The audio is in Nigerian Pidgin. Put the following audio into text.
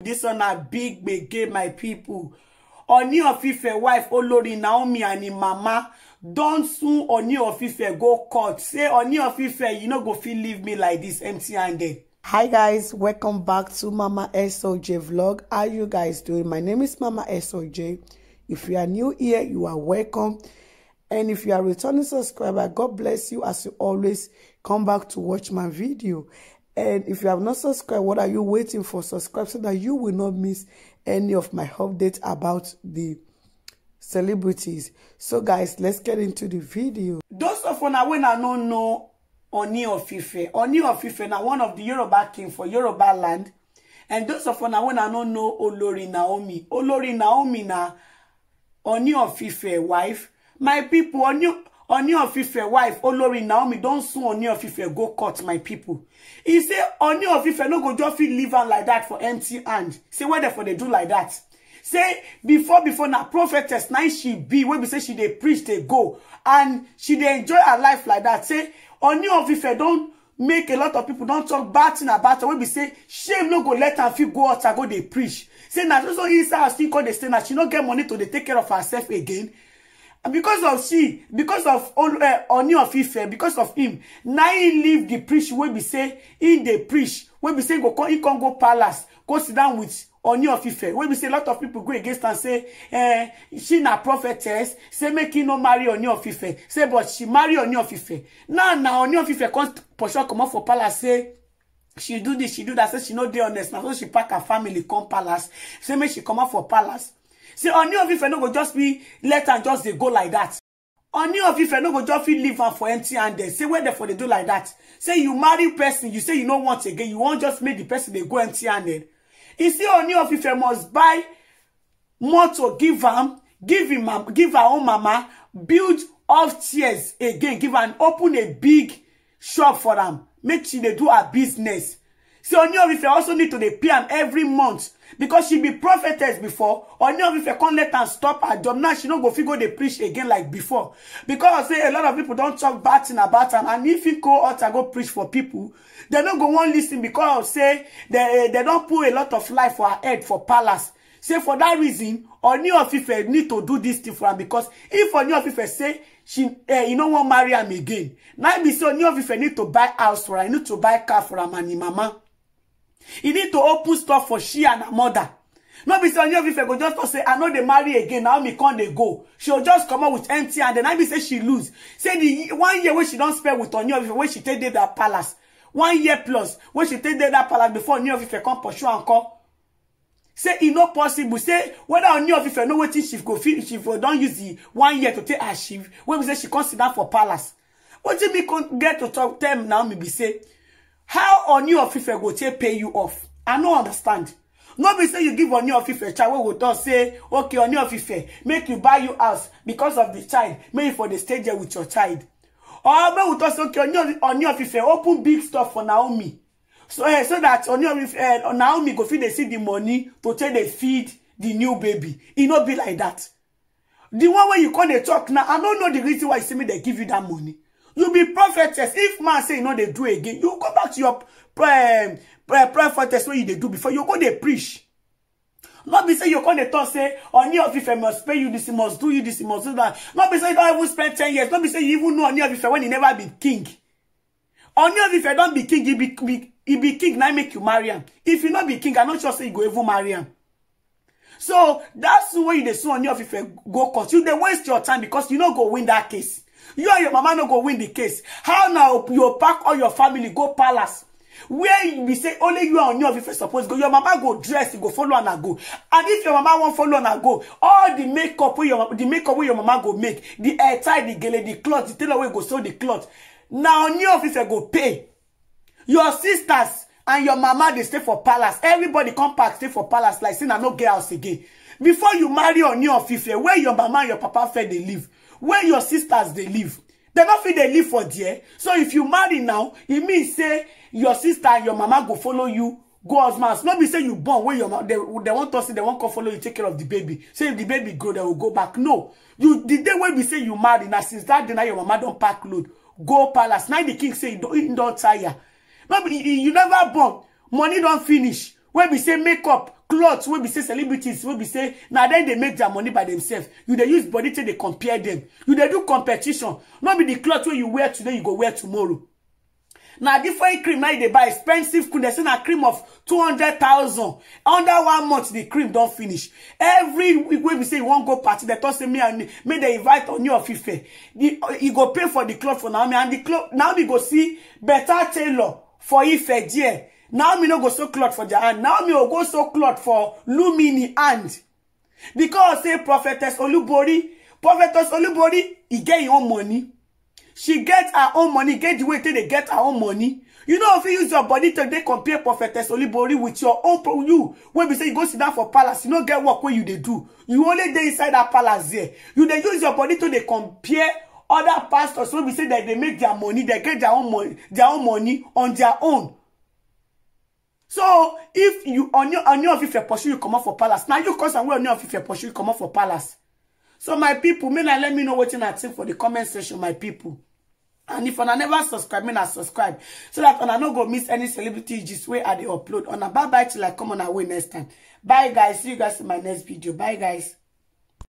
This one a big gbege my pipo oni of ife wife olori naomi and im mama don soon oni of ife go court say oni of ife you no go fit leave me like this empty handed hi guys welcome back to mama soj vlog how you guys doing my name is mama soj if you are new here you are welcome and if you are returning subscriber god bless you as you always come back to watch my video And if you have not subscribed, what are you waiting for? Subscribe so that you will not miss any of my updates about the celebrities. So guys, let's get into the video. Those of una when I don't know Oni of Ife. Oni of Ife na one of the Yoruba king for Yoruba land. And those of una when I don't know Olori Naomi. Olori Naomi na Oni of Ife wife. My people, Oni Oni of Ife wife, oh Olori Naomi, don't sue Oni of Ife, go cut my people. He say Oni of Ife no go just feel leave like that for empty hand. Say where therefore they do like that. Say before before na prophetess nice she be when we say she they preach they go and she they enjoy her life like that. Say Oni of Ife don't make a lot of people don't talk bad thing about her wey be say shame no go let her fit go out and go dey preach say na so so say I still call dey stay na she no get money to they take care of herself again because of she because of uh, Oni of Ife because of him now he leave the preach wey we say he the preach wey we say go come he come go palace go sit down with Oni of Ife When we say a lot of people go against and say eh she na prophetess say make he no marry Oni of Ife say but she marry Oni of Ife now na Oni of Ife come pursue comot for palace say she do this she do that say she no dey honest Now so she pack her family come palace say make she come comot for palace see Ooni of Ife no go just be let and just they go like that Ooni of Ife no go just be leave am for empty and handed say where they for they do like that say you marry person you say you no want again you won't just make the person they go empty handed e See Ooni of if I must buy more to give them, give him give her own mama build off tears again give and open a big shop for them, make she they do her business So Ooni of Ife also need to pay him every month because she be prophetess before. Ooni of Ife come let am stop her job. Now she no go figure go preach again like before. Because I say a lot of people don't talk bad thing about am. And if he go out and go preach for people, they no go one listen because say they eh, they don't put a lot of life for her head for palace. Say for that reason, Ooni of Ife need to do this thing for am because if Ooni of Ife say she eh, you know, wan marry him again, na e be say Ooni of Ife need to buy house for her, need to buy car for her, and mama. You need to open stuff for she and her mother no be say onye you, ife go just talk say i know they marry again now me con they go she go just out with empty and then i be say she lose say the one year when she don't spend with onye of ife wey she take dey that palace one year plus when she take dey that palace before onye of ife come pursue am come say e not possible say whether onye of ife know wetin she go feel she go don't use the one year to take her she wey be say she come sit down for palace what wetin me get to talk tell naomi be say how oni of ife go take pay you off i no understand no be say you give oni of ife child We go talk say okay oni of ife make you buy you house because of the child Maybe for the stay there with your child or make we talk say okay oni of ife open big stuff for naomi so uh, so that oni of ife uh, naomi go fit they see the money to take they feed the new baby It not be like that the one wey you call dey talk now i no know the reason why you see me dey give you that money you be prophetess if man say you no they do again you go back to your um, uh, prophetess wey you they do before you go They preach not be say you come dey talk say Any of Ife must pay you this must do you this must do that not be say you don't even spend ten years not be say you even know any of Ife when you never be king Any of Ife don't be king he be, be he be king Now make you marry him. if you not be king i not sure say you go even marry him. so that's the way you dey sue Ooni of you go court you they waste your time because you not go win that case you and your mama no go win the case how now you pack all your family go palace where you be say only you and your fife suppose go your mama go dress go follow and go and if your mama wan follow and go all the makeup wey your the makeup wey your mama go make the hair tie the gele the cloth the tailor wey go sew the cloth na on your fife go pay your sisters and your mama dey stay for palace everybody come back stay for palace like say na no get house again before you marry Ooni of Ife where your mama and your papa fair dey live where your sisters they live They not feel they live for there so if you marry now it means say your sister and your mama go follow you go as husband Not be say you born wey your they dem wan talk say they won't come follow you take care of the baby say if the baby grow they will go back no you the day when be say you marry now. since that day na your mama don't pack load go palace Now the king say e don't tire Maybe you never born money don't finish When be say makeup cloth wey be say celebrities wey be say now then they make their money by themselves you they use body take they compare them. you they do competition Not be the cloth where you wear today you go wear tomorrow na different cream na you dey buy expensive cream dem say na cream of 200000 under one month the cream don't finish every week we say you wan go party They toss me and make they invite on Ooni fifa. The you go pay for the cloth for now me and the cloth we go see better tailor for if a there naomi no go so cloth for their hand naomi go go so cloth for lumini hand because say prophetess olubori prophetess olubori He get her own money she get her own money get the way till they get her own money you know if you use your body to dey compare prophetess olubori with your own you when we say you go sit down for palace you no get work wey you they do you only dey inside that palace there you dey use your body till they compare other pastors When we say that they make their money they get their own money their own money on their own so if you Ooni of Ife pursue you come comot for palace Now you cause am wey Ooni of Ife pursue you come comot for palace so my people, may na let me know what you're think for the comment section my people. and if I never subscribe may na subscribe so dat I no go miss any celebrity gist wey i dey upload una bye bye till i come on away next time bye guys see you guys in my next video bye guys